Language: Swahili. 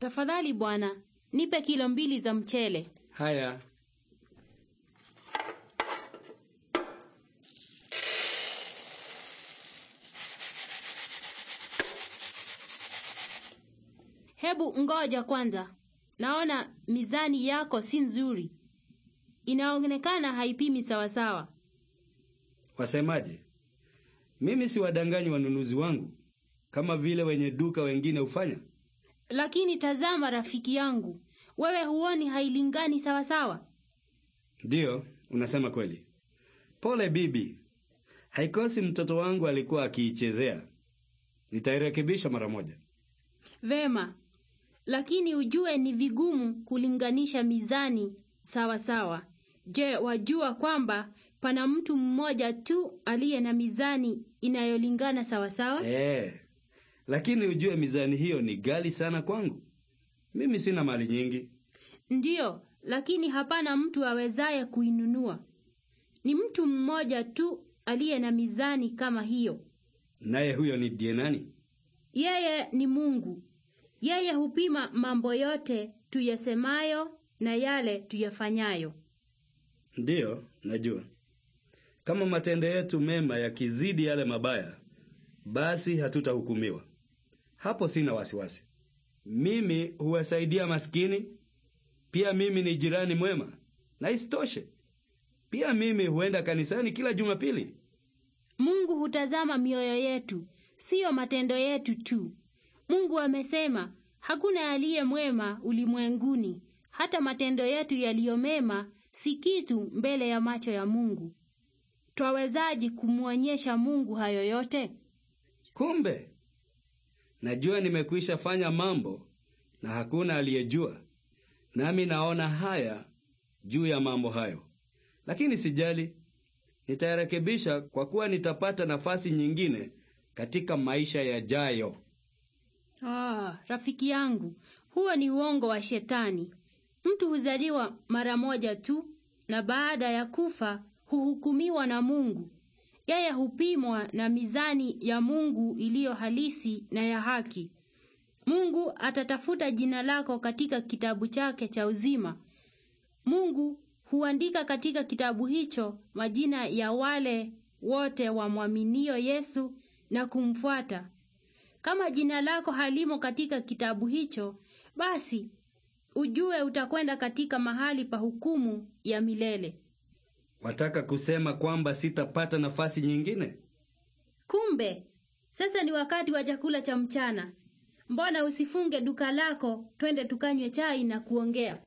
Tafadhali bwana, nipe kilo mbili za mchele. Haya. Hebu ngoja kwanza. Naona mizani yako si nzuri. Inaonekana haipimi sawasawa. Wasemaje? Mimi si wadanganyi wanunuzi wangu kama vile wenye duka wengine hufanya. Lakini tazama rafiki yangu, wewe huoni hailingani sawasawa? Ndiyo, unasema kweli. Pole bibi, haikosi mtoto wangu alikuwa akiichezea. Nitairekebisha mara moja. Vema, lakini ujue ni vigumu kulinganisha mizani sawa sawa. Je, wajua kwamba pana mtu mmoja tu aliye na mizani inayolingana sawasawa sawa? Eh, hey lakini ujue mizani hiyo ni gali sana kwangu. Mimi sina mali nyingi. Ndiyo, lakini hapana mtu awezaye kuinunua. Ni mtu mmoja tu aliye na mizani kama hiyo, naye huyo ni die nani? Yeye ni Mungu. Yeye hupima mambo yote tuyasemayo na yale tuyafanyayo. Ndiyo, najua kama matendo yetu mema yakizidi yale mabaya, basi hatutahukumiwa hapo sina wasiwasi. Mimi huwasaidia maskini, pia mimi ni jirani mwema, na isitoshe pia mimi huenda kanisani kila Jumapili. Mungu hutazama mioyo yetu, siyo matendo yetu tu. Mungu amesema hakuna aliye mwema ulimwenguni, hata matendo yetu yaliyo mema si kitu mbele ya macho ya Mungu. Twawezaji kumwonyesha Mungu hayo yote? Kumbe Najua nimekwisha fanya mambo na hakuna aliyejua, nami naona haya juu ya mambo hayo, lakini sijali, nitayarekebisha kwa kuwa nitapata nafasi nyingine katika maisha yajayo. Ah, rafiki yangu, huo ni uongo wa Shetani. Mtu huzaliwa mara moja tu na baada ya kufa huhukumiwa na Mungu. Yeye hupimwa na mizani ya Mungu iliyo halisi na ya haki. Mungu atatafuta jina lako katika kitabu chake cha uzima. Mungu huandika katika kitabu hicho majina ya wale wote wamwaminio Yesu na kumfuata. Kama jina lako halimo katika kitabu hicho, basi ujue utakwenda katika mahali pa hukumu ya milele. Wataka kusema kwamba sitapata nafasi nyingine? Kumbe sasa ni wakati wa chakula cha mchana. Mbona usifunge duka lako, twende tukanywe chai na kuongea?